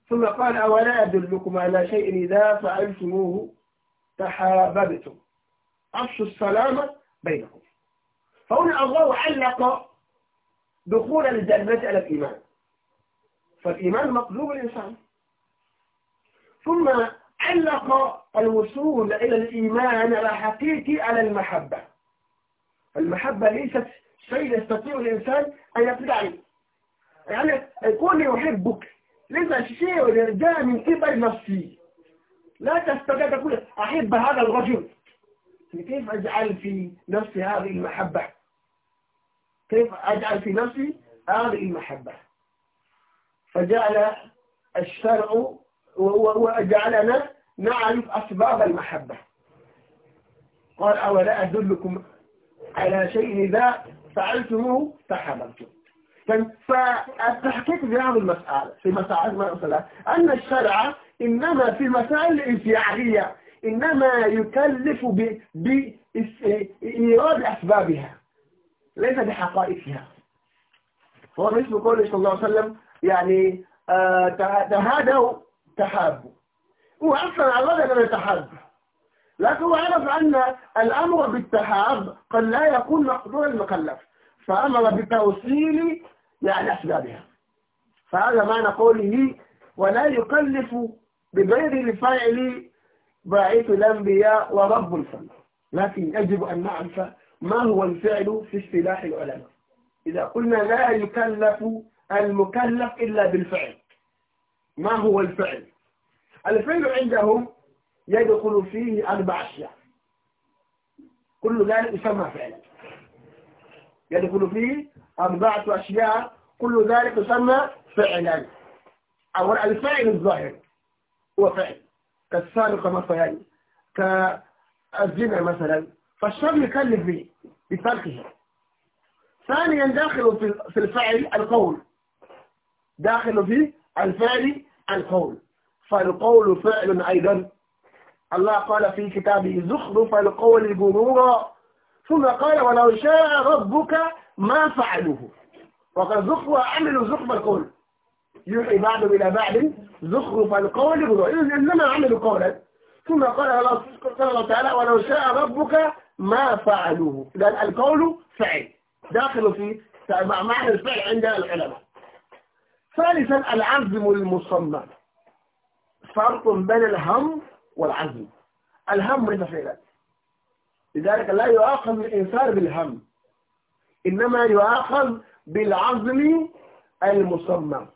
ثم قال أولا أدلكم على شيء إذا فعلتموه تحاببتم أفشوا السلامة بينكم فهنا الله علق دخول الجنة على الإيمان فالإيمان مطلوب الإنسان ثم علق الوصول إلى الإيمان على حقيقي على المحبة المحبة ليست شيء يستطيع الإنسان أن يطلع يعني يكون يحبك لذا شيء يرجع من قبل نفسي لا تستطيع تقول أحب هذا الرجل يعني كيف أجعل في نفسي هذه المحبة كيف أجعل في نفسي هذه المحبة فجعل الشرع وجعلنا نعرف أسباب المحبة قال أولا أدلكم على شيء إذا فعلتموه تحببتم فالتحقيق في هذه المسألة في مسألة المسألة أن الشرع إنما في المسائل الانفعالية إنما يكلف بإيراد أسبابها ليس بحقائقها هو مش بقول صلى الله عليه وسلم يعني آه، تهادوا تحابوا هو أصلا على الله لم يتحاب لكن هو عرف أن الأمر بالتحاب قد لا يكون مقدور المكلف فأمر بتوصيل يعني أسبابها فهذا معنى قوله ولا يكلف بغير الفاعل باعث الأنبياء ورب الفن لكن يجب أن نعرف ما هو الفعل في اصطلاح العلماء إذا قلنا لا يكلف المكلف إلا بالفعل ما هو الفعل الفعل عندهم يدخل فيه أربع أشياء كل ذلك يسمى فعلا يدخل فيه أربعة أشياء كل ذلك يسمى فعلا أولا الفعل الظاهر هو فعل كالسرقة مثلا كالزنا مثلا فالشر يكلف به بتركه ثانيا داخل في الفعل القول داخل في الفعل القول فالقول فعل أيضا الله قال في كتابه زخرف القول غرورا ثم قال ولو شاء ربك ما فعلوه وقد زخروا عملوا زخرف القول يوحي بعضهم إلى بعض زخرف القول بضوء إنما عملوا قولا ثم قال الله تعالى ولو شاء ربك ما فعلوه لأن القول فعل داخل في معنى الفعل عند العلماء ثالثا العزم المصمم فرق بين الهم والعزم الهم رفع فعلا لذلك لا يؤاخذ الإنسان بالهم إنما يؤاخذ بالعزم المصمم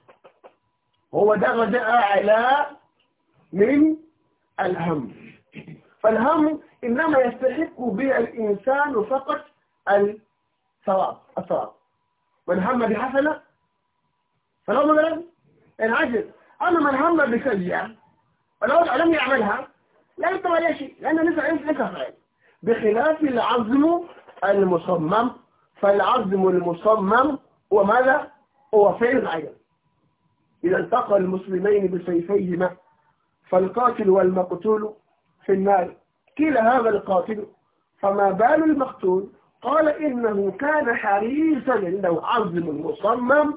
هو درج أعلى من الهم فالهم إنما يستحق به الإنسان فقط الثواب الثواب من هم بحسنة فلو مثلا انعجل أما من هم بسيئة فلو لم يعملها لا يطلع عليه شيء لأنه لسه ليس خير بخلاف العزم المصمم فالعزم المصمم وماذا هو فعل العجل إذا التقى المسلمين بسيفيهما فالقاتل والمقتول في النار قيل هذا القاتل فما بال المقتول قال إنه كان حريصا عنده عزم مصمم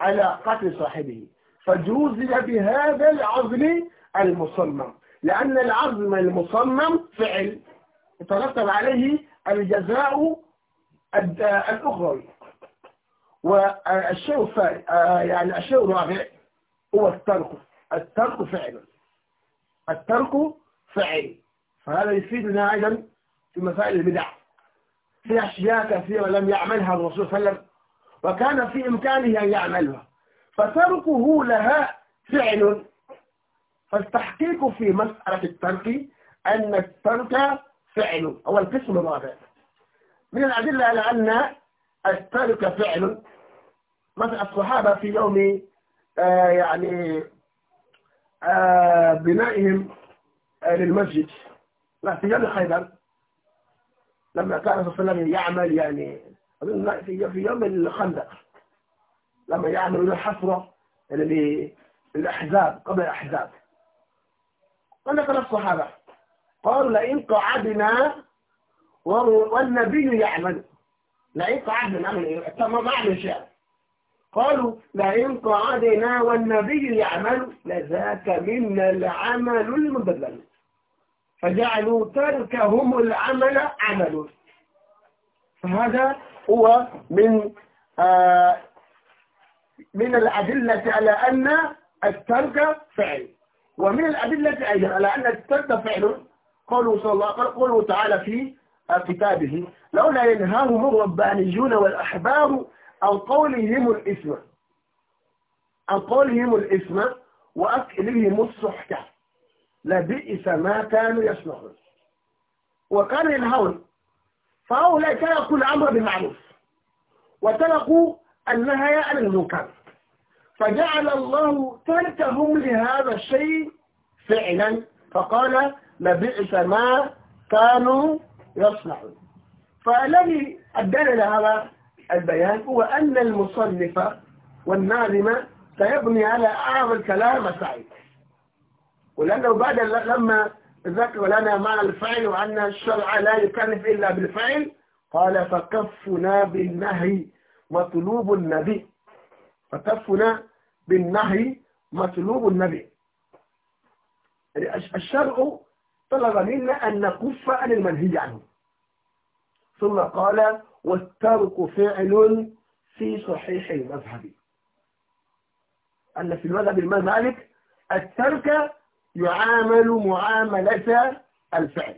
على قتل صاحبه فجوز بهذا العزم المصمم لأن العزم المصمم فعل يترتب عليه الجزاء الأخروي والشيء الثاني آه، يعني الشيء الرابع هو الترك الترك فعلا الترك فعل فهذا يفيدنا أيضا في مسائل البدع في أشياء كثيرة لم يعملها الرسول صلى الله عليه وسلم وكان في إمكانه أن يعملها فتركه لها فعل فالتحقيق في مسألة الترك أن الترك فعل هو القسم الرابع من الأدلة على أن الترك فعل مثلا الصحابة في يوم آه يعني آه بنائهم آه للمسجد لا في يوم خيبر لما كان صلى الله عليه وسلم يعمل يعني في يوم الخندق لما يعمل الحفرة يعني، للأحزاب قبل الأحزاب قال لك الصحابة قالوا لئن قعدنا والنبي يعمل لئن قعدنا نعمل ايه طب ما بعملش شيء قالوا لئن قعدنا والنبي يعمل لذاك منا العمل المبذل فجعلوا تركهم العمل عمل فهذا هو من آه من الأدلة على أن الترك فعل ومن الأدلة أيضا على أن الترك فعل قوله صلى الله عليه قوله تعالى في كتابه لولا ينهاهم الربانيون والأحبار عن قولهم الإثم عن قولهم الإثم وأكلهم السحت لبئس ما كانوا يصنعون وكانوا ينهون فهؤلاء تركوا الأمر بالمعروف وتركوا النهي عن المنكر فجعل الله تركهم لهذا الشيء فعلا فقال لبئس ما كانوا يصنعون فالذي أدل لهذا البيان هو أن المصنف والناظم سيبني على أعظم الكلام سعيد ولأنه بعد لما ذكر لنا معنى الفعل وأن الشرع لا يكلف إلا بالفعل قال فكفنا بالنهي مطلوب النبي فكفنا بالنهي مطلوب النبي يعني الشرع طلب منا أن نكف عن المنهي عنه ثم قال والترك فعل في صحيح المذهب أن في المذهب المالك الترك يعامل معاملة الفعل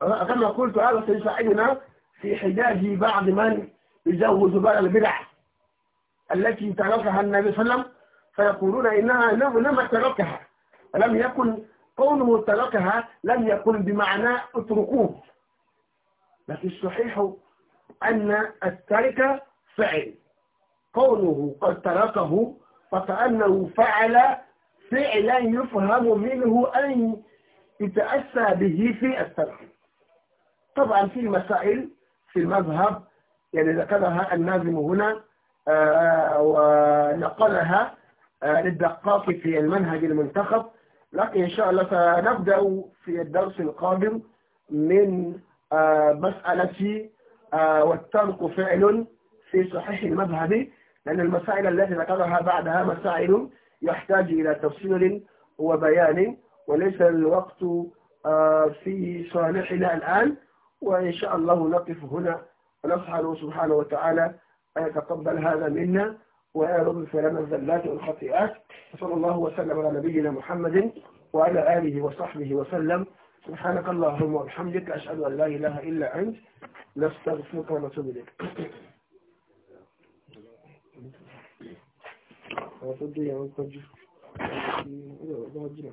كما قلت هذا سيساعدنا في حجاج بعض من يزوج بعض البدع التي تركها النبي صلى الله عليه وسلم فيقولون إنها لم تركها لم يكن كونه تركها لم يكن بمعنى اتركوه لكن الصحيح أن الترك فعل كونه قد تركه فكأنه فعل فعلا يفهم منه أن يتأسى به في الترك طبعا في مسائل في المذهب يعني ذكرها الناظم هنا آه، آه، ونقلها آه، للدقاق في المنهج المنتخب لكن إن شاء الله سنبدأ في الدرس القادم من آه، مسألة آه، والترك فعل في صحيح المذهب لأن المسائل التي ذكرها بعدها مسائل يحتاج إلى تفصيل وبيان وليس الوقت آه، في صالحنا الآن وإن شاء الله نقف هنا ونسأل سبحانه وتعالى أن يتقبل هذا منا ويرد سلام الزلات والخطيئات صلى الله وسلم على نبينا محمد وعلى آله وصحبه وسلم سبحانك اللهم وبحمدك أشهد أن لا إله إلا أنت نستغفرك ونتوب إليك وتدي يا